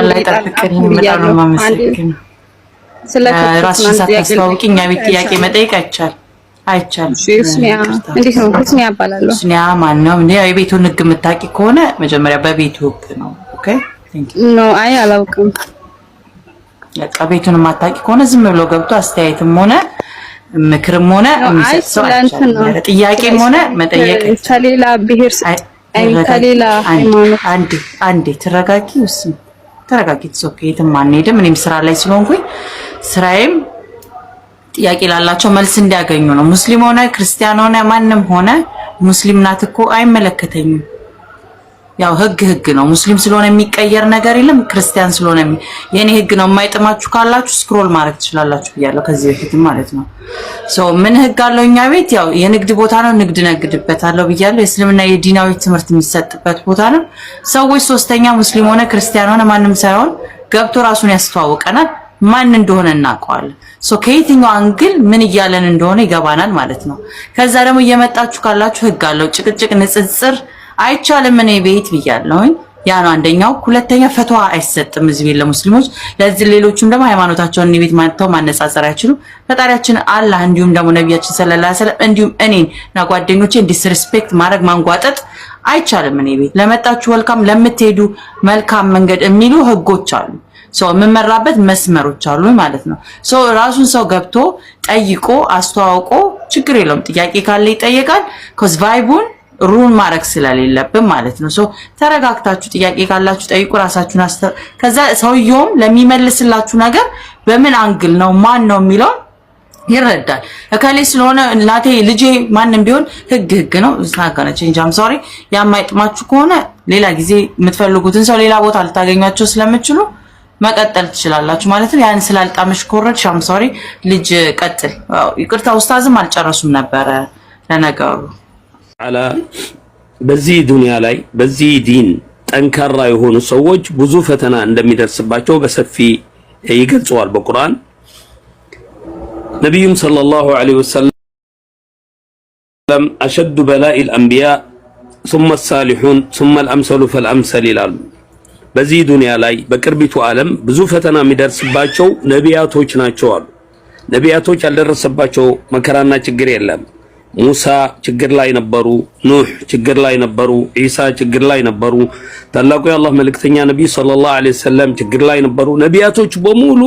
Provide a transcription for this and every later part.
አላህ ይጠብቅልኝ። በጣም ነው የማመሰግነው። ራስሽን ሳታስተዋውቂ እኛ ቤት ጥያቄ መጠየቅ አይቻልም ነው? የቤቱን ህግ የምታውቂ ከሆነ መጀመሪያ በቤቱ ህግ ነው። አይ አላውቅም። በቃ ቤቱን የማታውቂ ከሆነ ዝም ብሎ ገብቶ አስተያየትም ሆነ ምክርም ሆነ ጥያቄም ሆነ መጠየቅ ከሌላ ብሄር ከሌላ ሃይማኖት አንዴ ትረጋጊ ውስን ተረጋጊ፣ ኦኬ፣ የትም አንሄድም። እኔም ስራ ላይ ስለሆንኩኝ ስራዬም ጥያቄ ላላቸው መልስ እንዲያገኙ ነው። ሙስሊም ሆነ ክርስቲያን ሆነ ማንም ሆነ ሙስሊም ናት እኮ አይመለከተኝም። ያው ህግ ህግ ነው። ሙስሊም ስለሆነ የሚቀየር ነገር የለም። ክርስቲያን ስለሆነ የኔ ህግ ነው። የማይጥማችሁ ካላችሁ ስክሮል ማድረግ ትችላላችሁ ብያለሁ ከዚህ በፊት ማለት ነው። ሶ ምን ህግ አለው እኛ ቤት? ያው የንግድ ቦታ ነው፣ ንግድ ነግድበታለሁ ብያለሁ። የእስልምና የዲናዊ ትምህርት የሚሰጥበት ቦታ ነው። ሰዎች ሶስተኛ ሙስሊም ሆነ ክርስቲያን ሆነ ማንም ሳይሆን ገብቶ ራሱን ያስተዋውቀናል። ማን እንደሆነ እናውቀዋለን። ሶ ከየትኛው አንግል ምን እያለን እንደሆነ ይገባናል ማለት ነው። ከዛ ደግሞ እየመጣችሁ ካላችሁ ህግ አለው፣ ጭቅጭቅ፣ ንጽጽር አይቻልም። እኔ ቤት ብያለሁኝ። ያ ነው አንደኛው። ሁለተኛ ፈትዋ አይሰጥም እዚህ ቤት ለሙስሊሞች። ለዚህ ሌሎችም ደግሞ ሃይማኖታቸውን እኔ ቤት ማንተው ማነጻጸር አይችሉም። ፈጣሪያችን አላህ እንዲሁም ደግሞ ነቢያችን ሰለላሁ ዐለይሂ ወሰለም እንዲሁም እኔና ጓደኞቼን ዲስሪስፔክት ማድረግ ማንጓጠጥ አይቻልም። እኔ ቤት ለመጣችሁ ወልካም፣ ለምትሄዱ መልካም መንገድ የሚሉ ህጎች አሉ። ሰው የምመራበት መስመሮች አሉ ማለት ነው። ሰው ራሱን ሰው ገብቶ ጠይቆ አስተዋውቆ ችግር የለውም። ጥያቄ ካለ ይጠየቃል። ኮዝ ቫይቡን ሩን ማድረግ ስለሌለብን ማለት ነው። ተረጋግታችሁ ጥያቄ ካላችሁ ጠይቁ። ራሳችሁን አስተ ከዛ ሰውየውም ለሚመልስላችሁ ነገር በምን አንግል ነው ማን ነው የሚለው ይረዳል። እከሌ ስለሆነ እናቴ፣ ልጄ፣ ማንም ቢሆን ህግ ህግ ነው። ስናጋነ ቼንጅ አም ሶሪ። ያማይጥማችሁ ከሆነ ሌላ ጊዜ የምትፈልጉትን ሰው ሌላ ቦታ ልታገኟቸው ስለምችሉ መቀጠል ትችላላችሁ ማለት ነው። ያን ስላልጣመሽ ኮረድ ሻም ሶሪ። ልጅ ቀጥል። ይቅርታ ኡስታዝም አልጨረሱም ነበረ ለነገሩ ተዓላ በዚህ ዱንያ ላይ በዚህ ዲን ጠንካራ የሆኑ ሰዎች ብዙ ፈተና እንደሚደርስባቸው በሰፊ ይገልጸዋል በቁርአን። ነቢዩም ሰለላሁ ዐለይሂ ወሰለም አሸዱ በላኢል አንቢያ ሱመ ሳሊሑን ሱመ አልአምሰሉ ፈልአምሰል ይላሉ። በዚህ ዱንያ ላይ በቅርቢቱ ዓለም ብዙ ፈተና የሚደርስባቸው ነቢያቶች ናቸው አሉ። ነቢያቶች ያልደረሰባቸው መከራና ችግር የለም። ሙሳ ችግር ላይ ነበሩ። ኑህ ችግር ላይ ነበሩ። ዒሳ ችግር ላይ ነበሩ። ታላቁ የአላህ መልእክተኛ ነቢይ ሰለላሁ ዐለይሂ ወሰለም ችግር ላይ ነበሩ። ነቢያቶች በሙሉ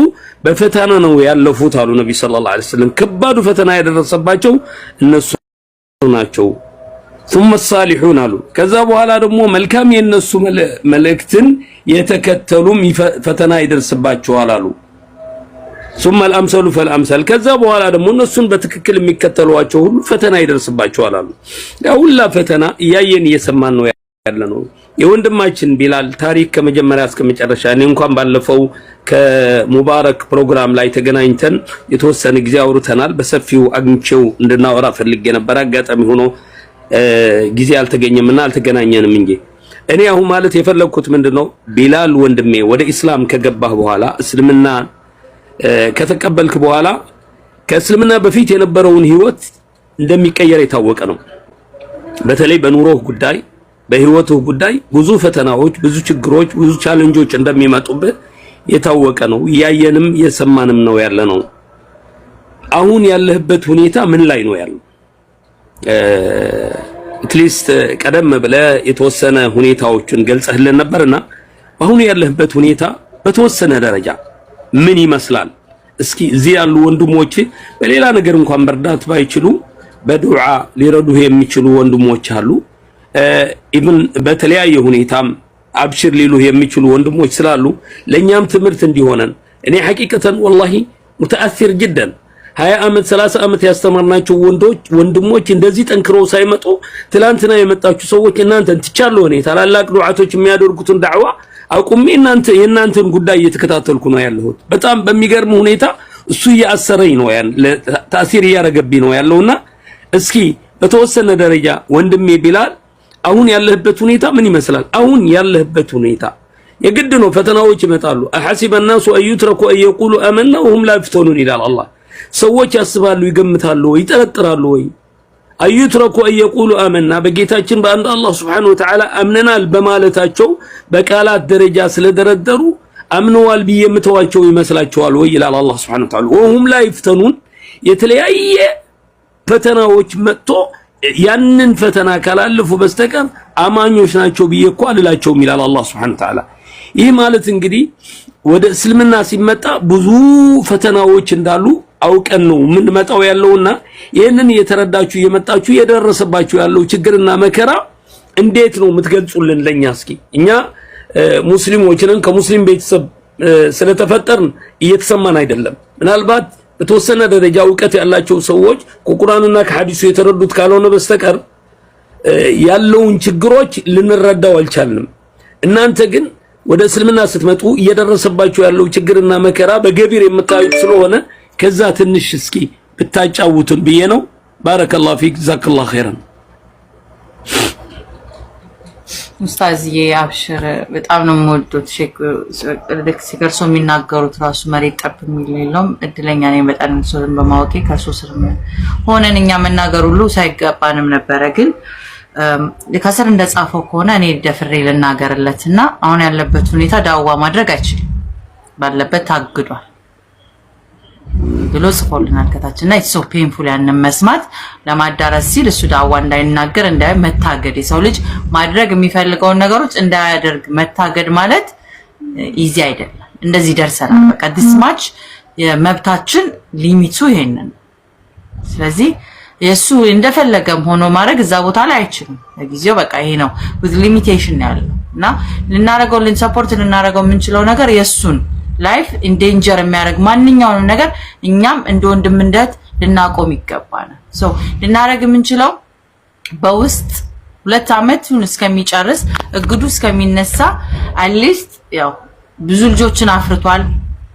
በፈተና ነው ያለፉት አሉ ነቢይ ሰለላሁ ዐለይሂ ወሰለም። ከባዱ ፈተና ያደረሰባቸው እነሱ ናቸው። ሱመ ሳሊሑን አሉ። ከዛ በኋላ ደግሞ መልካም የነሱ መልእክትን የተከተሉም ፈተና ይደርስባቸዋል አሉ። ثم الامثل فالامثل ከዛ በኋላ ደግሞ እነሱን በትክክል የሚከተሏቸው ሁሉ ፈተና ይደርስባቸዋል አሉ። ያ ሁላ ፈተና እያየን እየሰማን ነው ያለ ነው። የወንድማችን ቢላል ታሪክ ከመጀመሪያ እስከ መጨረሻ እኔ እንኳን ባለፈው ከሙባረክ ፕሮግራም ላይ ተገናኝተን የተወሰነ ጊዜ አውርተናል። በሰፊው አግኝቼው እንድናወራ ፈልጌ ነበር። አጋጣሚ ሆኖ ጊዜ አልተገኘምና አልተገናኘንም እንጂ እኔ አሁን ማለት የፈለግኩት ምንድነው ቢላል ወንድሜ ወደ ኢስላም ከገባህ በኋላ እስልምና ከተቀበልክ በኋላ ከእስልምና በፊት የነበረውን ህይወት እንደሚቀየር የታወቀ ነው። በተለይ በኑሮህ ጉዳይ፣ በህይወትህ ጉዳይ ብዙ ፈተናዎች፣ ብዙ ችግሮች፣ ብዙ ቻለንጆች እንደሚመጡብህ የታወቀ ነው። እያየንም እየሰማንም ነው ያለ ነው። አሁን ያለህበት ሁኔታ ምን ላይ ነው ያለው? አትሊስት ቀደም ብለህ የተወሰነ ሁኔታዎችን ገልጸህልን ነበርና አሁን ያለህበት ሁኔታ በተወሰነ ደረጃ ምን ይመስላል? እስኪ እዚህ ያሉ ወንድሞች በሌላ ነገር እንኳን መርዳት ባይችሉ በዱዓ ሊረዱ የሚችሉ ወንድሞች አሉ። ኢብን በተለያየ ሁኔታም አብሽር ሊሉ የሚችሉ ወንድሞች ስላሉ ለእኛም ትምህርት እንዲሆነን እኔ ሐቂቀተን ወላሂ ሙተአሲር ጅደን ሀያ ዓመት ሰላሳ ዓመት ያስተማርናቸው ወንዶች ወንድሞች እንደዚህ ጠንክረው ሳይመጡ ትላንትና የመጣችሁ ሰዎች እናንተን ትቻለሁ እኔ ታላላቅ ዱዓቶች የሚያደርጉትን ዳዕዋ አቁሜ እናንተ የእናንተን ጉዳይ እየተከታተልኩ ነው ያለሁት። በጣም በሚገርም ሁኔታ እሱ እያሰረኝ ነው ያን ታሲር እያረገብኝ ነው ያለውና እስኪ በተወሰነ ደረጃ ወንድሜ ቢላል አሁን ያለህበት ሁኔታ ምን ይመስላል? አሁን ያለህበት ሁኔታ የግድ ነው። ፈተናዎች ይመጣሉ። አሐሲበ الناس ان يتركوا ان يقولوا آمنا وهم لا يفتنون ይላል አላህ። ሰዎች ያስባሉ፣ ይገምታሉ ይጠረጥራሉ ወይ አዩትረኩ አየቁሉ አመና በጌታችን በአንድ አላህ Subhanahu Wa አምነናል በማለታቸው በቃላት ደረጃ ስለደረደሩ አምነዋል ብዬ የምተዋቸው ይመስላቸዋል ወይ ይላል አላህ Subhanahu Wa ወሁም ላይ ፍተኑን የተለያየ ፈተናዎች መጥቶ ያንን ፈተና ካላለፉ በስተቀር አማኞች ናቸው ብዬ እኮ አልላቸውም ይላል አላህ Subhanahu Wa ይህ ማለት እንግዲህ ወደ እስልምና ሲመጣ ብዙ ፈተናዎች እንዳሉ አውቀን ነው የምንመጣው ያለውና ይህንን እየተረዳችሁ እየመጣችሁ የደረሰባችሁ ያለው ችግርና መከራ እንዴት ነው የምትገልጹልን ለኛ? እስኪ እኛ ሙስሊሞች ነን፣ ከሙስሊም ቤተሰብ ስለተፈጠርን እየተሰማን አይደለም። ምናልባት በተወሰነ ደረጃ እውቀት ያላቸው ሰዎች ከቁርአንና ከሐዲሱ የተረዱት ካልሆነ በስተቀር ያለውን ችግሮች ልንረዳው አልቻልንም። እናንተ ግን ወደ እስልምና ስትመጡ እየደረሰባችሁ ያለው ችግርና መከራ በገቢር የምታዩት ስለሆነ ከዛ ትንሽ እስኪ ብታጫውቱን ብዬ ነው። ባረከላሁ ፊክ ጀዛከላሁ ኸይረን። ሙስታዝዬ አብሽር፣ በጣም ነው የምወዱት። ልክ ሲገልጹ የሚናገሩት ራሱ መሬት ጠብ የሚል የለውም። እድለኛ ነኝ በጣም እሱን በማወቄ ከሱ ስር ሆነን እኛ መናገር ሁሉ ሳይገባንም ነበረ። ግን ከስር እንደጻፈው ከሆነ እኔ ደፍሬ ልናገርለት እና አሁን ያለበት ሁኔታ ዳዋ ማድረግ አይችልም፣ ባለበት ታግዷል። ብሎ ጽፎልናል ከታችና እና ኢትስ ሶ ፔንፉል ያንን መስማት ለማዳረስ ሲል እሱ ዳዋ እንዳይናገር እንዳይ መታገድ የሰው ልጅ ማድረግ የሚፈልገውን ነገሮች እንዳያደርግ መታገድ ማለት ኢዚ አይደለም። እንደዚህ ደርሰናል። በቃ ዲስ ማች የመብታችን ሊሚቱ ይሄንን። ስለዚህ የእሱ እንደፈለገም ሆኖ ማድረግ እዛ ቦታ ላይ አይችልም። ለጊዜው በቃ ይሄ ነው ዊዝ ሊሚቴሽን ያለው እና ልናረገው ልንሰፖርት ልናረገው የምንችለው ነገር የእሱን ላይፍ ኢንዴንጀር የሚያደርግ ማንኛውንም ነገር እኛም እንደ እንደት ልናቆም ይገባናል። ልናደርግ የምንችለው በውስጥ ሁለት ዓመቱን እስከሚጨርስ እግዱ እስከሚነሳ አትሊስት ያው ብዙ ልጆችን አፍርቷል።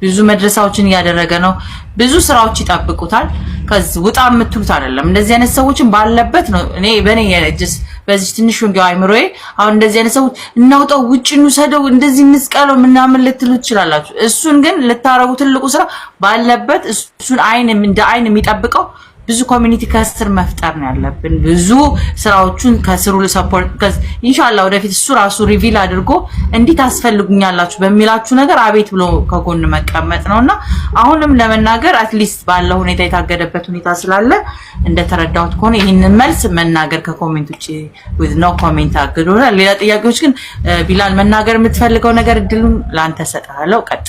ብዙ መድረሳዎችን እያደረገ ነው። ብዙ ስራዎች ይጠብቁታል። ከዚ ውጣ የምትሉት አይደለም። እንደዚህ አይነት ሰዎችን ባለበት ነው እኔ በኔ የጅስ በዚህ ትንሹ እንዲያው አይምሮዬ አሁን እንደዚህ አይነት ሰዎች እናውጣው፣ ውጭ እንውሰደው፣ እንደዚህ እንስቀለው ምናምን ልትሉ ትችላላችሁ። እሱን ግን ልታረጉ ትልቁ ስራ ባለበት እሱን አይን እንደ አይን የሚጠብቀው ብዙ ኮሚኒቲ ከስር መፍጠር ነው ያለብን። ብዙ ስራዎቹን ከስሩ ሰፖርት ኢንሻላ ወደፊት እሱ ራሱ ሪቪል አድርጎ እንዲህ ታስፈልጉኛላችሁ በሚላችሁ ነገር አቤት ብሎ ከጎን መቀመጥ ነው እና አሁንም ለመናገር አትሊስት ባለ ሁኔታ የታገደበት ሁኔታ ስላለ እንደተረዳሁት ከሆነ ይህንን መልስ መናገር ውጭ ዊዝ ኖ ኮሜንት አግዶናል። ሌላ ጥያቄዎች ግን ቢላል መናገር የምትፈልገው ነገር እድሉን ለአንተ ሰጥሃለው። ቀጥ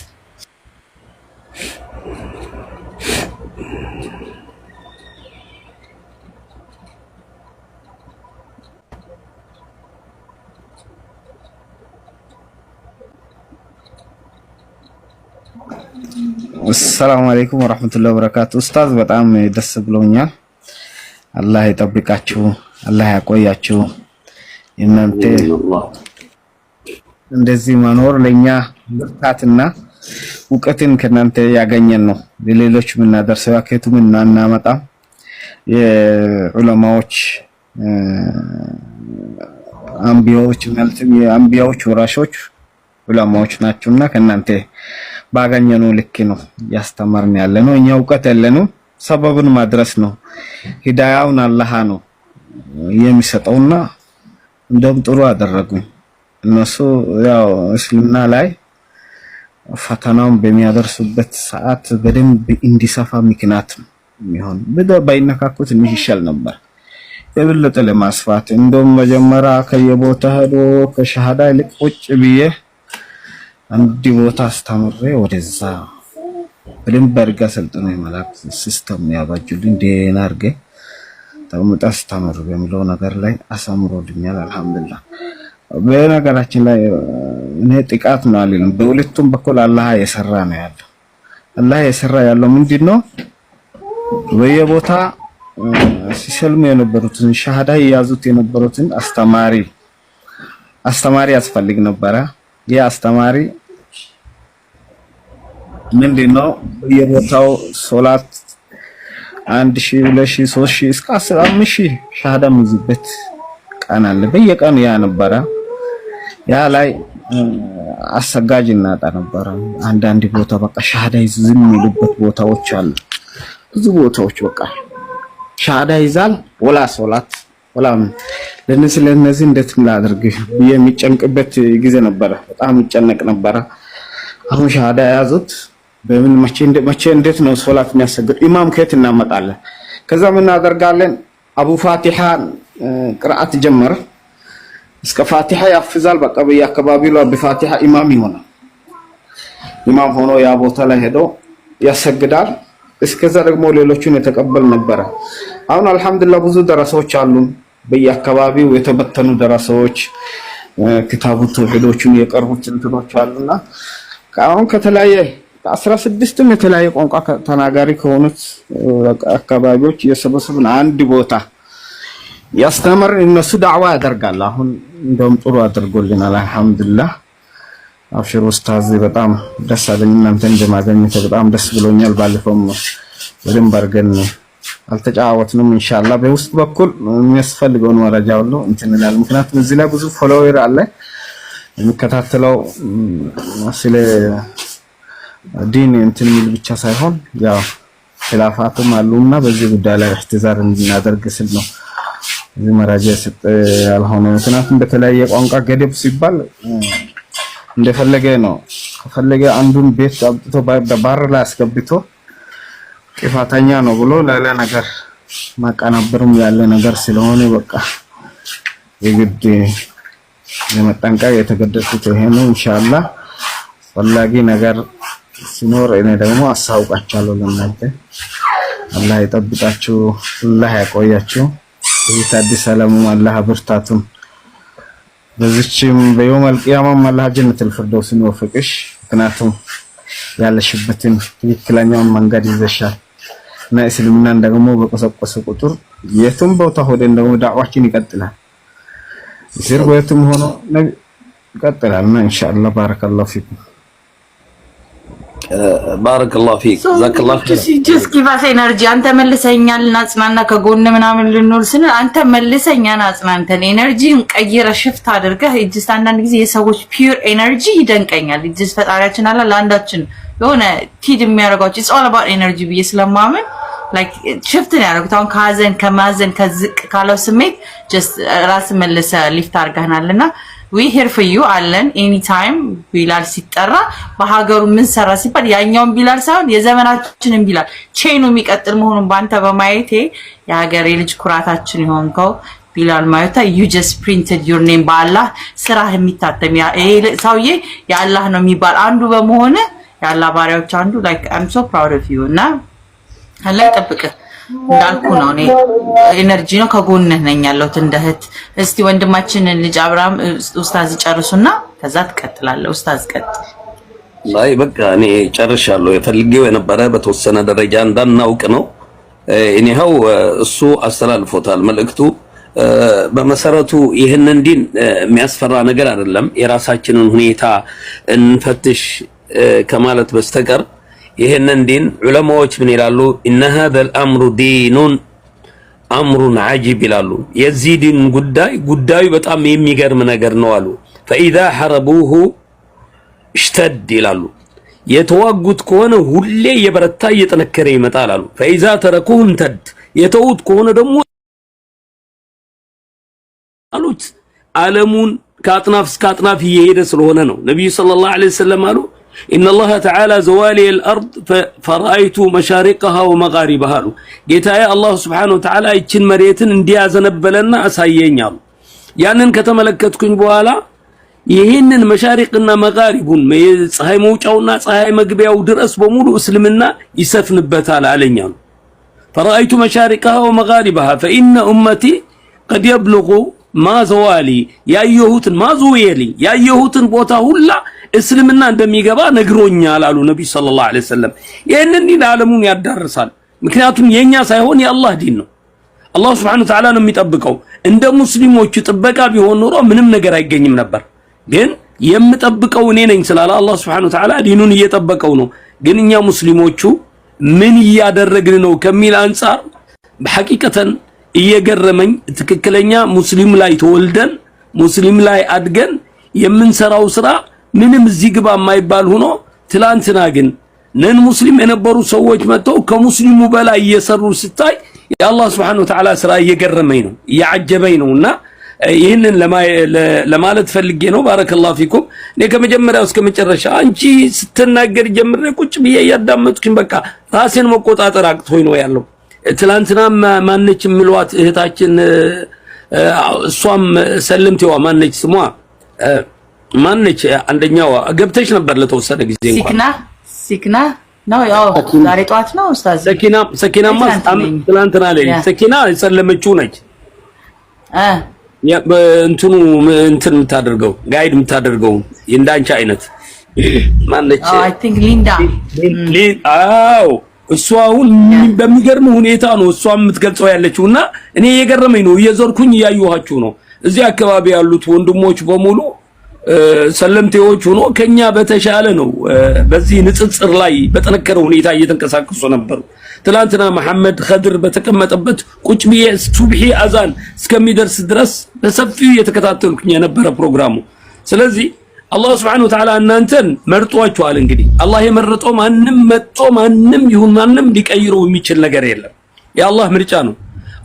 አሰላሙ አለይኩም ወራህመቱላሂ ወበረካቱ። ኡስታዝ በጣም ደስ ብሎኛል። አላህ ይጠብቃችሁ፣ አላህ ያቆያችሁ። እናንተ እንደዚህ መኖር ለኛ ብርታትና እውቀትን ከናንተ ያገኘን ነው። ለሌሎች የምናደርሰው ያከቱም እናናመጣም የዑለማዎች አንቢያዎች ማለትም የአንቢያዎች ወራሾች ዑለማዎች ናቸውና ከእናንተ ባገኘነው ልክ ነው ያስተማርን ያለ ነው። እኛ እውቀት ያለ ነው፣ ማድረስ ነው። ሂዳያውን አላህ ነው የሚሰጠውና እንደውም ጥሩ አደረጉ እነሱ። ያው እስልምና ላይ ፈተናውን በሚያደርሱበት ሰዓት በደንብ እንዲሰፋ ምክንያት የሚሆን ባይነካኩ ትንሽ ይሻል ነበር የበለጠ ለማስፋት እንደውም መጀመሪያ ከየቦታ ሄዶ ከሸሃዳ ይልቅ ቁጭ ብዬ አንድ ቦታ አስተምሬ ወደዛ በደንብ አድርጋ ሰልጥኖ የመላክ ሲስተም ያባጁልኝ ደህና አድርጌ ተቀምጠ አስተምር በሚለው ነገር ላይ አሳምሮልኛል። አልሐምዱሊላህ። በነገራችን ላይ እኔ ጥቃት ነው አልልም። በሁለቱም በኩል አላህ የሰራ ነው ያለው። አላህ የሰራ ያለው ምንድን ነው? በየቦታ ሲሰልሙ የነበሩትን ሻሃዳ የያዙት የነበሩትን አስተማሪ አስተማሪ ያስፈልግ ነበረ። ይህ አስተማሪ ምንድን ነው በየቦታው ሶላት አንድ ሺህ ሁለት ሺህ ሶስት ሺ እስከ አስራ አምስት ሺህ ሻሃዳ የሚይዝበት ቀን አለ። በየቀኑ ያ ነበረ። ያ ላይ አሰጋጅ እናጣ ነበረ። አንዳንድ ቦታ በቃ ሻሃዳ ይዝ ዝም የሚሉበት ቦታዎች አሉ። ብዙ ቦታዎች በቃ ሻሃዳ ይዛል፣ ወላ ሶላት ወላ ለነዚህ ለነዚህ እንዴት ላድርግ የሚጨንቅበት ጊዜ ነበረ። በጣም ይጨነቅ ነበረ። አሁን ሻሃዳ የያዙት በምን መቼ እንዴት ነው ሶላት የሚያሰግድ ኢማም ከየት እናመጣለን? ከዛ ምን እናደርጋለን? አቡ ፋቲሓ ቅርአት ጀመረ እስከ ፋቲሓ ያፍዛል። በቃ በየአካባቢው አቡ ፋቲሓ ኢማም ይሆናል። ኢማም ሆኖ ያ ቦታ ላይ ሄዶ ያሰግዳል። እስከዛ ደግሞ ሌሎቹን የተቀበል ነበረ። አሁን አልሐምዱሊላህ ብዙ ደረሰዎች አሉ በየአካባቢው የተበተኑ ደረሰዎች ክታቡ ተውሂዶቹን የቀርቡት እንትኖች አሉና አሁን ከተለያየ አስራ ስድስትም የተለያየ ቋንቋ ተናጋሪ ከሆኑት አካባቢዎች የሰበሰብን አንድ ቦታ ያስተምር እነሱ ዳዕዋ ያደርጋል። አሁን እንደውም ጥሩ አድርጎልናል። አልሐምዱሊላህ አብሽር ኡስታዝ፣ በጣም ደስ አለኝ እናንተ በማግኘት በጣም ደስ ብሎኛል። ባለፈውም በደንብ አድርገን አልተጫዋወትንም። ኢንሻአላህ በውስጥ በኩል የሚያስፈልገውን መረጃ ሁሉ እንትን ምክንያቱም እዚህ ላይ ብዙ ፎሎዌር አለ የሚከታተለው ስለ ዲን እንትን የሚል ብቻ ሳይሆን ያው ሂላፋትም አሉና በዚህ ጉዳይ ላይ እህትዛር እንድናደርግ ስል ነው እዚህ መራጃ የሰጠ ያልሆነ። ምክንያቱም በተለያየ ቋንቋ ገደብ ሲባል እንደፈለገ ነው። ከፈለገ አንዱን ቤት አብጥቶ በባር ላይ አስገብቶ ጥፋተኛ ነው ብሎ ሌላ ነገር ማቀናበርም ያለ ነገር ስለሆነ በቃ የግድ ለመጠንቀቅ የተገደሱት ይሄ ነው። ኢንሻአላህ አስፈላጊ ነገር ሲኖር እኔ ደግሞ አሳውቃችኋለሁ ለእናንተ። አላህ ይጠብቃችሁ፣ አላህ ያቆያችሁ። ይህ አዲስ ዓለሙ አላህ ብርታቱም በዚችም በየውም አልቂያማም አላህ ጀነት ፊርደውስን ይወፍቅሽ። ምክንያቱም ያለሽበትን ትክክለኛውን መንገድ ይዘሻል እና እስልምናን ደግሞ በቆሰቆሰ ቁጥር የቱም ቦታ ሆደን ደግሞ ዳዕዋችን ይቀጥላል። ይስር በየቱም ሆኖ ይቀጥላል እና ኢንሻአላህ ባረከላሁ ፊኩም ባረከላሁ ፊክ ዛከላሁ ጀስ ጊቫስ ኤነርጂ። አንተ መልሰኛል እናጽናና ከጎን ምናምን ልንኖር ስንል አንተ መልሰኛን አጽናንተን ኤነርጂን ቀይረ ሽፍት አድርገህ እጅስ። አንዳንድ ጊዜ የሰዎች ፒውር ኤነርጂ ይደንቀኛል። እጅስ ፈጣሪያችን አላ ለአንዳችን የሆነ ቲድ የሚያደርጓቸው ኢትስ ኦል አባውት ኤነርጂ ብዬ ስለማምን ሽፍት ነው ያደረጉት። አሁን ከሀዘን ከማዘን ከዝቅ ካለው ስሜት ጀስት ራስን መልሰህ ሊፍት አድርገህናል እና ዊ ሄር ፎር ዩ አለን ኤኒ ታይም ቢላል ሲጠራ በሀገሩ ምን ሰራ ሲባል ያኛውን ቢላል ሳይሆን የዘመናችንን ቢላል ቼኑ የሚቀጥል መሆኑን በአንተ በማየቴ የሀገር የልጅ ኩራታችን የሆንከው ቢላል ማዮታ ዩ ጀስት ፕሪንትድ ዩር ኔም በአላህ ስራ የሚታተም ሰውዬ የአላህ ነው የሚባል አንዱ በመሆነ የአላህ ባሪያዎች አንዱ ላይክ አም ሶ ፕራውድ ኦፍ ዩ እና አላህ ይጠብቅህ። እንዳልኩ ነው። እኔ ኤነርጂ ነው ከጎንህ ነኝ ያለሁት እንደ እህት። እስቲ ወንድማችንን ልጅ አብርሃም ኡስታዝ ጨርሱና ከዛ ትቀጥላለህ። ኡስታዝ ቀጥል። ላይ በቃ እኔ ጨርሻለሁ። የፈልጌው የነበረ በተወሰነ ደረጃ እንዳናውቅ ነው። እኔው እሱ አስተላልፎታል መልእክቱ። በመሰረቱ ይህንን ዲን የሚያስፈራ ነገር አይደለም። የራሳችንን ሁኔታ እንፈትሽ ከማለት በስተቀር ይህንን ዲን ዑለማዎች ምን ይላሉ? እነ ሀዘል አምሩ ዲኑን አምሩን አጂብ ይላሉ። የዚህ ዲን ጉዳይ ጉዳዩ በጣም የሚገርም ነገር ነው አሉ። ፈኢዛ ሐረቡሁ እሽተድ ይላሉ። የተዋጉት ከሆነ ሁሌ የበረታ እየጠነከረ ይመጣል አሉ። ፈኢዛ ተረኩሁ እንተድ የተውት ከሆነ ደግሞ አሉት ዓለሙን ከአጥናፍ እስከ አጥናፍ እየሄደ ስለሆነ ነው። ነቢዩ ሰለላሁ ዐለይሂ ወሰለም አሉ ኢነ አላህ ተዓላ ዘዋሊየል አርድ ፈረአይቱ መሻሪቀሃ ወመጋሪበሃ አሉ። ጌታዬ አላህ ስብሓነሁ ወተዓላ ይችን መሬትን እንዲያዘነበለና አሳየኝ አሉ። ያንን ከተመለከትኩኝ በኋላ ይህንን መሻሪቅና መጋሪቡን የፀሐይ መውጫውና ፀሐይ መግቢያው ድረስ በሙሉ እስልምና ይሰፍንበታል አለኝ አሉ። ፈረአይቱ መሻሪቀሃ ወመጋሪበሃ ፈኢነ ኡመቲ ቀድ የብልቁ ማዘዋሊ ያየሁትን ማዙዌሊ ያየሁትን ቦታ ሁላ እስልምና እንደሚገባ ነግሮኛል አሉ ነብይ ሰለላሁ ዐለይሂ ወሰለም። ይህንን ዲን ዓለሙን ያዳርሳል። ምክንያቱም የኛ ሳይሆን የአላህ ዲን ነው። አላህ ስብሐነሁ ወተዓላ ነው የሚጠብቀው። እንደ ሙስሊሞቹ ጥበቃ ቢሆን ኖሮ ምንም ነገር አይገኝም ነበር። ግን የምጠብቀው እኔ ነኝ ስላለ አላህ ስብሐነሁ ወተዓላ ዲኑን እየጠበቀው ነው። ግን እኛ ሙስሊሞቹ ምን እያደረግን ነው ከሚል አንጻር በሐቂቀተን እየገረመኝ ትክክለኛ ሙስሊም ላይ ተወልደን ሙስሊም ላይ አድገን የምንሰራው ስራ ምንም እዚህ ግባ የማይባል ሆኖ ትላንትና ግን ነን ሙስሊም የነበሩ ሰዎች መጥተው ከሙስሊሙ በላይ እየሰሩ ስታይ የአላህ Subhanahu Ta'ala ስራ እየገረመኝ ነው እያዓጀበኝ ነውና ይህንን ለማለት ፈልጌ ነው። ባረከላሁ ፊኩም። እኔ ከመጀመሪያው እስከ መጨረሻ አንቺ ስትናገር ጀምሬ ቁጭ ብዬ እያዳመጥኩኝ በቃ ራሴን መቆጣጠር አቅቶኝ ነው ያለው። ትላንትና ማነች የምሏት እህታችን እሷም ሰለምቴዋ ማነች ስሟ ማነች? አንደኛው ገብተች ነበር ለተወሰነ ጊዜ እንኳን ሲክና ሲክና ነው ያው ዛሬ ጠዋት ነው ኡስታዝ ሰኪና የጸለመችው ነች እ እንትኑ እንትን የምታደርገው ጋይድ የምታደርገው እንዳንቺ አይነት ማነች? አይ ቲንክ ሊንዳ አዎ እሷ አሁን በሚገርም ሁኔታ ነው እሷ የምትገልጸው ያለችው እና እኔ እየገረመኝ ነው። እየዞርኩኝ እያየኋችሁ ነው። እዚህ አካባቢ ያሉት ወንድሞች በሙሉ ሰለምቴዎች ሆኖ ከኛ በተሻለ ነው። በዚህ ንጽጽር ላይ በጠነከረ ሁኔታ እየተንቀሳቀሱ ነበሩ። ትላንትና መሐመድ ኸድር በተቀመጠበት ቁጭ ብዬ ሱብሂ አዛን እስከሚደርስ ድረስ በሰፊው እየተከታተልኩኝ የነበረ ፕሮግራሙ። ስለዚህ አላህ ስብሐነሁ ወተዓላ እናንተን መርጧችኋል። እንግዲህ አላህ የመረጠው ማንም መጥቶ ማንም ይሁን ማንም ሊቀይረው የሚችል ነገር የለም። የአላህ ምርጫ ነው።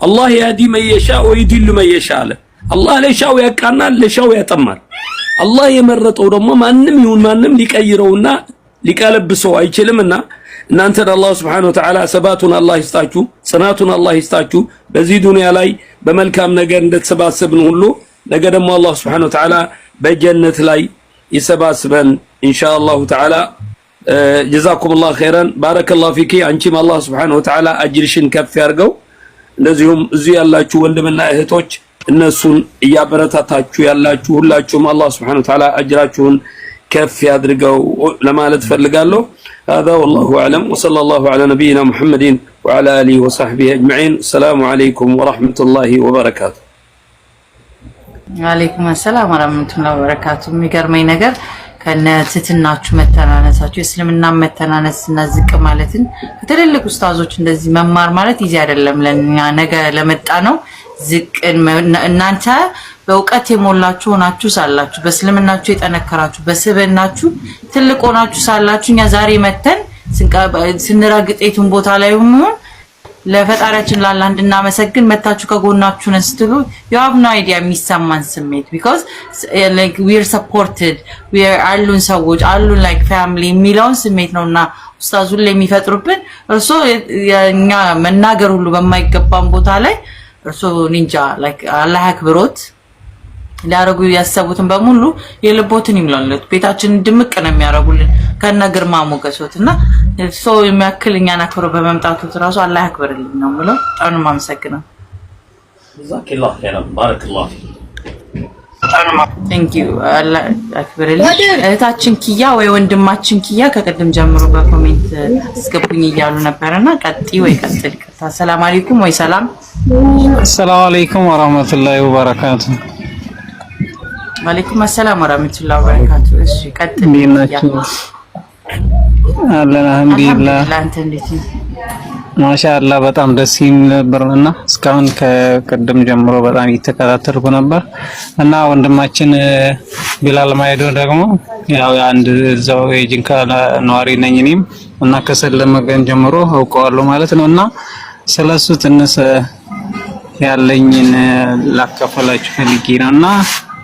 አላህ ያዲ መየሻ ወይዲሉ መየሻ አለ። አላህ ለሻው ያቃናል፣ ለሻው ያጠማል። አላህ የመረጠው ደግሞ ማንም ይሁን ማንም ሊቀይረውና ሊቀለብሰው አይችልምና እናንተን አላህ ሱብሓነሁ ወተዓላ ሰባቱን አላህ ይስጣችሁ፣ ጽናቱን አላህ ይስጣችሁ። በዚህ ዱንያ ላይ በመልካም ነገር እንደተሰባሰብን ሁሉ ነገ ደግሞ አላህ ሱብሓነሁ ወተዓላ በጀነት ላይ ይሰባስበን ኢንሻአላሁ ተዓላ። ጀዛኩሙላህ ኸይረን ባረከላሁ ፊኪ። አንቺም አላህ ሱብሓነሁ ወተዓላ አጅርሽን ከፍ ያርገው። እንደዚሁም እዚህ ያላችሁ ወንድምና እህቶች እነሱን እያበረታታችሁ ያላችሁ ሁላችሁም አላህ Subhanahu Wa አጅራችሁን ከፍ ያድርገው ለማለት ፈልጋለሁ። هذا والله اعلم وصلى الله على نبينا محمد وعلى اله وصحبه اجمعين السلام عليكم ورحمة الله وبركاته አለይኩም ሰላም ወራህመቱላሂ ወበረካቱ። የሚገርመኝ ነገር ከነ ትትናችሁ መተናነሳችሁ የእስልምና መተናነስ እና ዝቅ ማለትን ከትልልቅ ኡስታዞች እንደዚህ መማር ማለት ይዜ አይደለም ለኛ ነገ ለመጣ ነው ዝቅን እናንተ በእውቀት የሞላችሁ ሆናችሁ ሳላችሁ በእስልምናችሁ የጠነከራችሁ በስብናችሁ ትልቅ ሆናችሁ ሳላችሁ እኛ ዛሬ መተን ስንረግጤቱን ቦታ ላይ ሆን ለፈጣሪያችን ላለ እንድናመሰግን መታችሁ ከጎናችሁን ስትሉ you ነው አይዲያ የሚሰማን ስሜት ቢካዝ like ሰፖርትድ አሉን ሰዎች አሉን like ፋሚሊ የሚለውን ስሜት ነው እና ኡስታዙን ላይ የሚፈጥሩብን እርሶ እኛ መናገር ሁሉ በማይገባን ቦታ ላይ እርሶ ኒንጃ ላይክ አላህ አክብሮት ሊያረጉ ያሰቡትን በሙሉ የልቦትን ይምላለት። ቤታችንን ድምቅ ነው የሚያረጉልን ከነ ግርማ ሞገሶት እና ሰው የሚያክል እኛን አክብሮ በመምጣቱ እራሱ አላህ ያክብርልን ነው የምለው። ጣኑ ማመሰግነው ቴንክ ዩ አክብርልኝ እህታችን ኪያ ወይ ወንድማችን ኪያ ከቅድም ጀምሮ በኮሜንት አስገቡኝ እያሉ ነበረና ቀጢ ወይ ቀጥል። ቅርታ ሰላም አለይኩም ወይ ሰላም ሰላም አለይኩም ወራህመቱላሂ ወበረካቱ። አለይኩም አሰላም ወራህመቱላሂ ወበረካቱ። እሺ ቀጥል። አለን አልሐምዱሊላህ። ማሻአላ በጣም ደስ የሚል ነበር እና እስካሁን ከቅድም ጀምሮ በጣም እየተከታተልኩ ነበር እና ወንድማችን ቢላል ማይዶ ደግሞ ያው አንድ እዛው የጅንካ ነዋሪ ነኝ እኔም እና ከሰለመ ከሰለመገን ጀምሮ አውቀዋለሁ ማለት ነው እና ስለሱ ትንሽ ያለኝን ላካፈላችሁ ፈልጌ ነው እና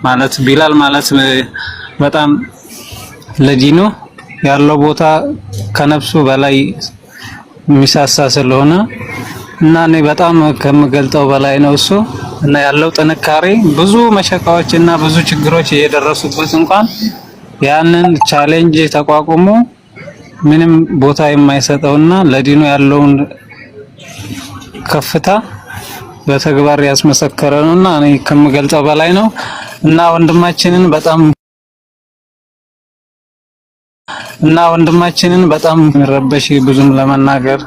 ማለት ቢላል ማለት በጣም ለጂኖ ያለው ቦታ ከነፍሱ በላይ የሚሳሳ ስለሆነ እና እኔ በጣም ከምገልጠው በላይ ነው እሱ እና ያለው ጥንካሬ ብዙ መሸቃዎች እና ብዙ ችግሮች እየደረሱበት እንኳን ያንን ቻሌንጅ ተቋቁሞ ምንም ቦታ የማይሰጠውና ለዲኑ ያለውን ከፍታ በተግባር ያስመሰከረ ነውና እኔ ከምገልጸው በላይ ነው እና ወንድማችንን በጣም እና ወንድማችንን በጣም የሚረበሽ ብዙም ለመናገር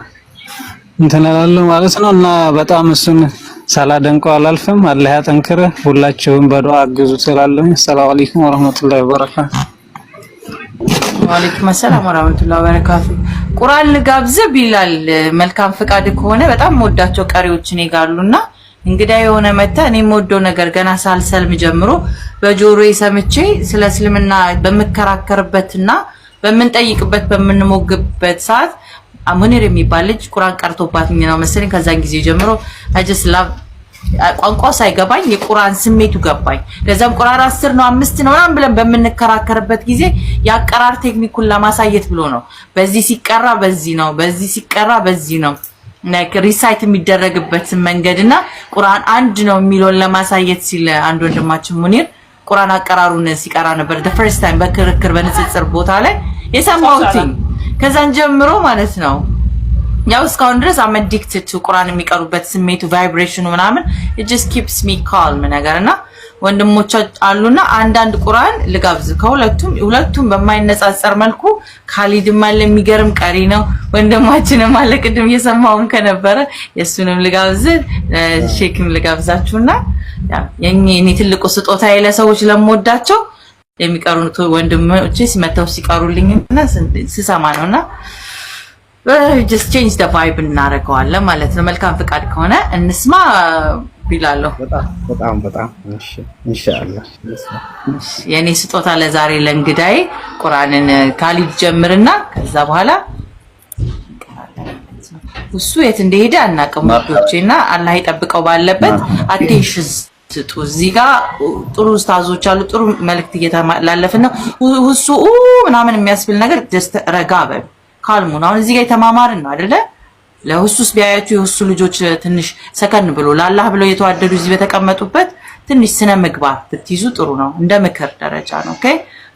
እንትን እላለሁ ማለት ነው። እና በጣም እሱን ሳላደንቀው አላልፍም። አላህ ያጠንክረ። ሁላችሁም በዱዓ አግዙ ስላለሁ። ሰላም አለይኩም ወራህመቱላሂ ወበረካቱ። ወአለይኩም ሰላም ወራህመቱላሂ ወበረካቱ። ቁርአን ልጋብዝ ቢላል መልካም ፍቃድ ከሆነ በጣም ወዳቸው ቀሪዎች እኔ ጋር አሉና እንግዳ የሆነ መታ እኔ የምወደው ነገር ገና ሳልሰልም ጀምሮ በጆሮዬ ሰምቼ ስለ እስልምና በምከራከርበትና በምንጠይቅበት በምንሞግበት ሰዓት ሙኒር የሚባል ልጅ ቁራን ቀርቶባት ነው መሰለኝ። ከዛን ጊዜ ጀምሮ አጀስ ላቭ ሳይገባኝ የቁርአን ስሜቱ ገባኝ። ለዛም ቁርአን አስር ነው አምስት ነው ምናምን ብለን በምንከራከርበት ጊዜ የአቀራር ቴክኒኩን ለማሳየት ብሎ ነው። በዚህ ሲቀራ በዚህ ነው፣ በዚህ ሲቀራ በዚህ ነው ሪሳይት የሚደረግበትን መንገድና ቁርአን አንድ ነው የሚለውን ለማሳየት ሲል አንድ ወንድማችን ሙኒር ቁርአን አቀራሩን ሲቀራ ነበር ዘ ፈርስት ታይም በክርክር በንጽጽር ቦታ ላይ የሰማሁትኝ። ከዛን ጀምሮ ማለት ነው ያው እስካሁን ድረስ ቱ ቁራን የሚቀሩበት ስሜቱ ቫይብሬሽኑ ምናምን ኢት ጀስት ኪፕስ ሚ ካልም ነገርና ወንድሞቻችን አሉና አንዳንድ ቁርአን ልጋብዝ። ከሁለቱም ሁለቱም በማይነጻጸር መልኩ ካሊድም አለ የሚገርም ቀሪ ነው ወንድማችንም አለ። ቅድም እየሰማውም ከነበረ የእሱንም ልጋብዝ፣ ሼክም ልጋብዛችሁና የኔ ትልቁ ስጦታ ለሰዎች ለምወዳቸው የሚቀሩት ወንድሞች ሲመተው ሲቀሩልኝና ስሰማ ነውና ጀስት ቼንጅ ደ ቫይብ እናደርገዋለን ማለት ነው። መልካም ፍቃድ ከሆነ እንስማ። ይላለሁ። በጣም በጣም ኢንሻአላህ። የኔ ስጦታ ለዛሬ ለእንግዳዬ ቁርአንን ካሊድ ጀምርና ከዛ በኋላ እሱ የት እንደሄደ አናውቅም። ወዶቼና አላህ ይጠብቀው ባለበት አቴንሽን ስጡ። እዚህ ጥሩ ስታዞች አሉ። ጥሩ መልእክት እየተላለፍን ነው። ሁሱ ምናምን የሚያስብል ነገር ደስ ረጋ በል ካልሙን። አሁን እዚህ የተማማርን ነው አይደለ? ለሁሱስ ቢያያችሁ የሁሱ ልጆች ትንሽ ሰከን ብሎ ለአላህ ብለው የተዋደዱ እዚህ በተቀመጡበት ትንሽ ስነ ምግባር ብትይዙ ጥሩ ነው። እንደ ምክር ደረጃ ነው። ኦኬ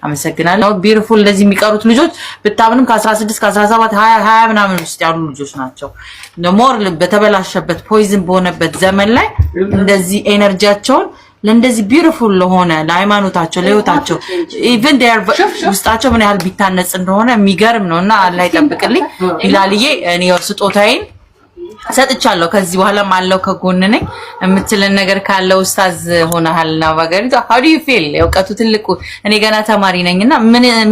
አመሰግናለሁ። ቢርፉል እንደዚህ የሚቀሩት ልጆች ብታምንም ከ16 ከ17 20 ምናምን ውስጥ ያሉ ልጆች ናቸው። ሞር በተበላሸበት ፖይዝን በሆነበት ዘመን ላይ እንደዚህ ኤነርጂያቸውን ለእንደዚህ ቢዩቲፉል ለሆነ ለሃይማኖታቸው፣ ለህይወታቸው ኢቨን ዴር ውስጣቸው ምን ያህል ቢታነጽ እንደሆነ የሚገርም ነው። እና አላህ ይጠብቅልኝ። ይላልዬ እኔ ስጦታዬን ሰጥቻለሁ። ከዚህ በኋላ አለው ከጎን ነኝ የምትልን ነገር ካለ ኡስታዝ ሆነሃልና ባገሪቱ how do you ትልቁ እኔ ገና ተማሪ ነኝ። እና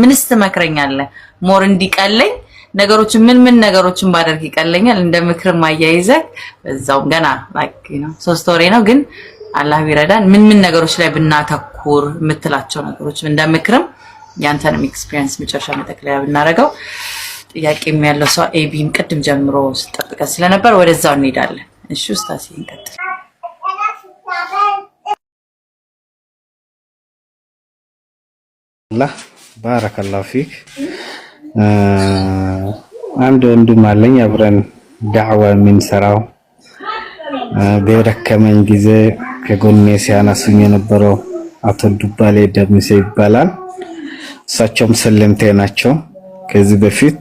ምንስ ትመክረኛለህ? ሞር እንዲቀለኝ ነገሮችን ምን ምን ነገሮችን ባደርግ ይቀለኛል? እንደ ምክርም አያይዘህ በዛውም ገና ላይክ ሶስት ወሬ ነው ግን አላህ ቢረዳን ምን ምን ነገሮች ላይ ብናተኩር የምትላቸው ነገሮች እንደምክርም ያንተንም ኤክስፒሪየንስ መጨረሻ መጠቅለያ ብናደርገው ጥያቄም ያለው ሰው ኤቢም ቅድም ጀምሮ ስጠብቀን ስለነበር ወደዛው እንሄዳለን። እሺ ውስታሴ እንቀጥል። አላህ ባረከላሁ ፊክ። አንድ ወንድም አለኝ አብረን ዳዕዋ የምንሰራው በደከመኝ ጊዜ ከጎኔ ሲያነሱኝ የነበረው አቶ ዱባሌ ደምሴ ይባላል። እሳቸውም ሰለምቴ ናቸው። ከዚህ በፊት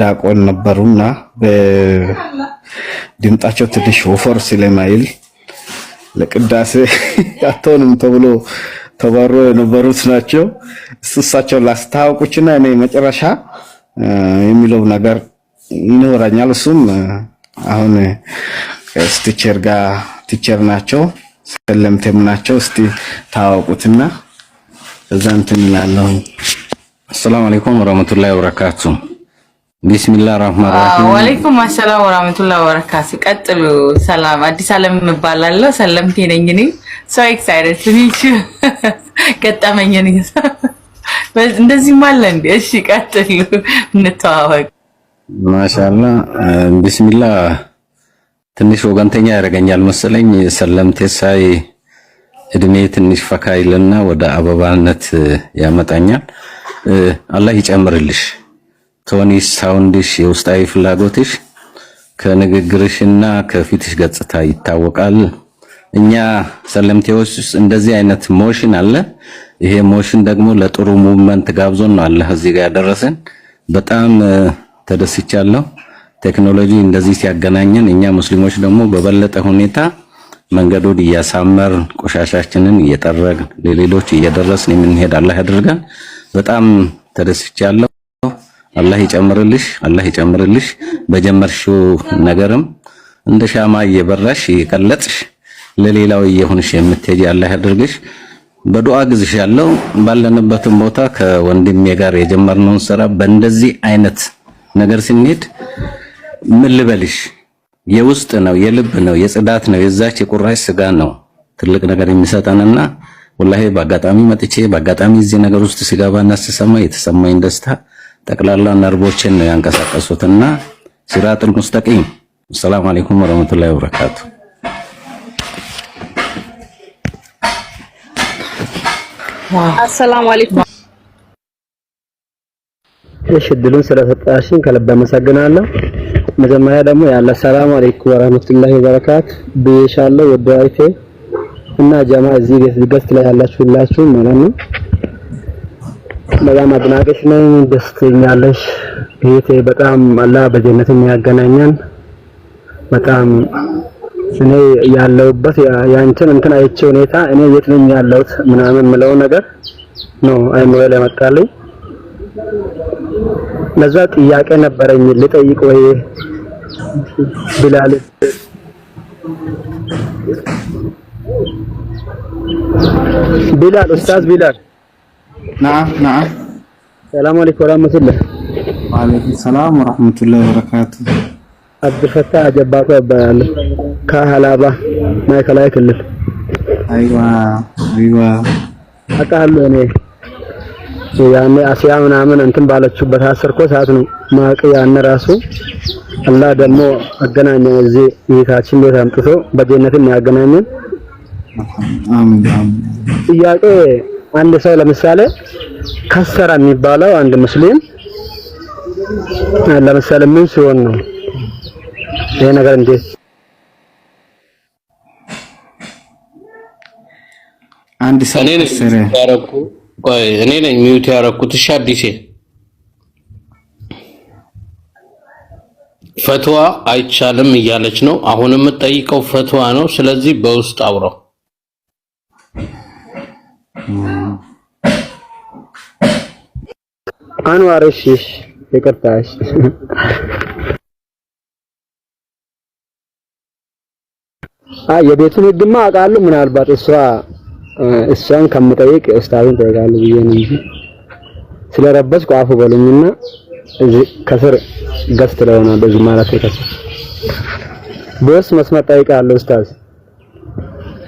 ዳቆን ነበሩና በድምጣቸው ትንሽ ወፈር ስለማይል ለቅዳሴ አትሆንም ተብሎ ተባሮ የነበሩት ናቸው። እሳቸው ላስታውቁችና እኔ መጨረሻ የሚለው ነገር ይኖረኛል። እሱም አሁን ከስቲቸር ጋር ቲቸር ናቸው፣ ሰለምቴም ናቸው። እስቲ ታወቁትና እዛ እንትን እላለሁ። አሰላሙ አለይኩም ወራህመቱላሂ ወበረካቱ። ቢስሚላህ ራህማን ራሂም። ወአለይኩም አሰላም ወራህመቱላሂ ወበረካቱ። ቀጥሉ። ሰላም አዲስ ዓለም እባላለሁ። ሰለምቴ ነኝ። እኔ ሶ ኤክሳይትድ ቱ ሚት ዩ። ገጠመኝ ነኝ። እንደዚህ ማለ እንደ እሺ ቀጥሉ፣ እንተዋወቅ። ማሻአላህ ቢስሚላህ ትንሽ ወገንተኛ ያደርገኛል መሰለኝ። ሰለምቴ ሳይ እድሜ ትንሽ ፈካ ይልና ወደ አበባነት ያመጣኛል። አላህ ይጨምርልሽ ከወኒ ሳውንድሽ የውስጣዊ ፍላጎትሽ ከንግግርሽና ከፊትሽ ገጽታ ይታወቃል። እኛ ሰለምቴዎች ውስጥ እንደዚህ አይነት ሞሽን አለ። ይሄ ሞሽን ደግሞ ለጥሩ ሙቭመንት ጋብዞን ነው አላህ እዚህ ጋር ያደረሰን። በጣም ተደስቻለሁ። ቴክኖሎጂ እንደዚህ ሲያገናኘን እኛ ሙስሊሞች ደግሞ በበለጠ ሁኔታ መንገዱን እያሳመር ቆሻሻችንን እየጠረግን ለሌሎች እየደረስን የምንሄድ አላህ ያደርጋን። በጣም ተደስቻለሁ። አላህ ይጨምርልሽ፣ አላህ ይጨምርልሽ። በጀመርሽው ነገርም እንደ ሻማ እየበራሽ እየቀለጥሽ ለሌላው እየሆንሽ የምትሄጂ አላህ ያደርግሽ። በዱዓ ግዝሻለሁ። ባለንበትም ቦታ ከወንድሜ ጋር የጀመርነውን ስራ በእንደዚህ አይነት ነገር ስንሄድ ምን ልበልሽ፣ የውስጥ ነው፣ የልብ ነው፣ የጽዳት ነው፣ የዛች የቁራሽ ስጋ ነው ትልቅ ነገር የሚሰጠንና ወላሂ በአጋጣሚ መጥቼ በአጋጣሚ እዚህ ነገር ውስጥ ሲገባና ስሰማ የተሰማኝ ደስታ ጠቅላላ ነርቦችን ነው ያንቀሳቀሱትና ሲራጥል ሙስተቂም። አሰላሙ አለይኩም ወረህመቱላሂ ወበረካቱ። አሰላሙ አለይኩም እሺ እድሉን ስለሰጣሽኝ ከልብ አመሰግናለሁ። መጀመሪያ ደግሞ ያለ ሰላም አለይኩም ወራህመቱላሂ ወበረካቱ ብዬሻለሁ። ወደ አይቴ እና ጀማ እዚህ ቤት ድገት ላይ ያላችሁ ሁላችሁ ማለት ነው። በጣም አድናቂሽ ነኝ። ደስተኛለሽ ቤቴ በጣም አላ በጀነት የሚያገናኘን በጣም እኔ ያለውበት ያንቺን እንትን አይቼ ሁኔታ እኔ የት ነኝ ያለሁት ምናምን የምለው ነገር ነው አይምሮ ላይ መጣልኝ ለዛ ጥያቄ ነበረኝ ልጠይቅ ወይ ብላል ቢላል ኡስታዝ ቢላል ና ና ሰላም አለይኩም ወራህመቱላህ ወአለይኩም ሰላም ወራህመቱላህ ወበረካቱ አብዱልፈታህ አጀባቶ እባላለሁ ከሀላባ ማዕከላዊ ክልል አይዋ አይዋ አውቃለሁ እኔ ያኔ አሲያ ምናምን እንትን ባለችበት አስርኮ ሰዓት ነው ማቅ ያነ ራሱ አላህ ደግሞ አገናኘን። እዚህ ይታችን ቤት አምጥቶ በጀነትም ያገናኘን። ጥያቄ አንድ ሰው ለምሳሌ ከሰራ የሚባለው አንድ ሙስሊም ለምሳሌ ምን ሲሆን ነው ይሄ ነገር? እንዴት አንድ ሰው ቆይ እኔ ነኝ ሚውት ያደረኩት። እሺ አዲሴ ፈትዋ አይቻልም እያለች ነው። አሁን የምጠይቀው ፈትዋ ነው። ስለዚህ በውስጥ አውራው አንዋር። እሺ ይቅርታ የቤቱን ህግማ አውቃለሁ። ምናልባት እሷ እሷን ከምጠይቅ ኡስታዝን ጠይቃለሁ ብዬ ነው እንጂ ስለረበስኩ አፉ በሉኝና እዚህ ከስር ገስት ለሆነ በዚህ ማለት ነው። ቦስ መስመር ጠይቃለሁ ኡስታዝ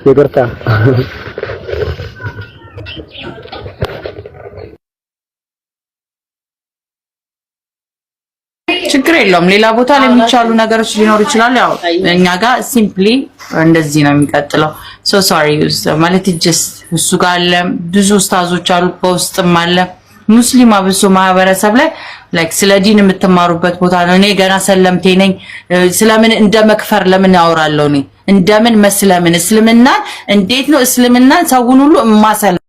ይቅርታ ችግር የለውም። ሌላ ቦታ ላይ የሚቻሉ ነገሮች ሊኖሩ ይችላል። ያው እኛ ጋር ሲምፕሊ እንደዚህ ነው የሚቀጥለው። ሶ ሶሪ ማለት ጀስት እሱ ጋር አለ፣ ብዙ ስታዞች አሉ፣ በውስጥም አለ ሙስሊም አብሶ ማህበረሰብ ላይ ላይክ ስለ ዲን የምትማሩበት ቦታ ነው። እኔ ገና ሰለምቴ ነኝ። ስለምን እንደ መክፈር ለምን ያወራለሁ? እኔ እንደምን መስለምን እስልምናን እንዴት ነው እስልምናን ሰውን ሁሉ ማሰለ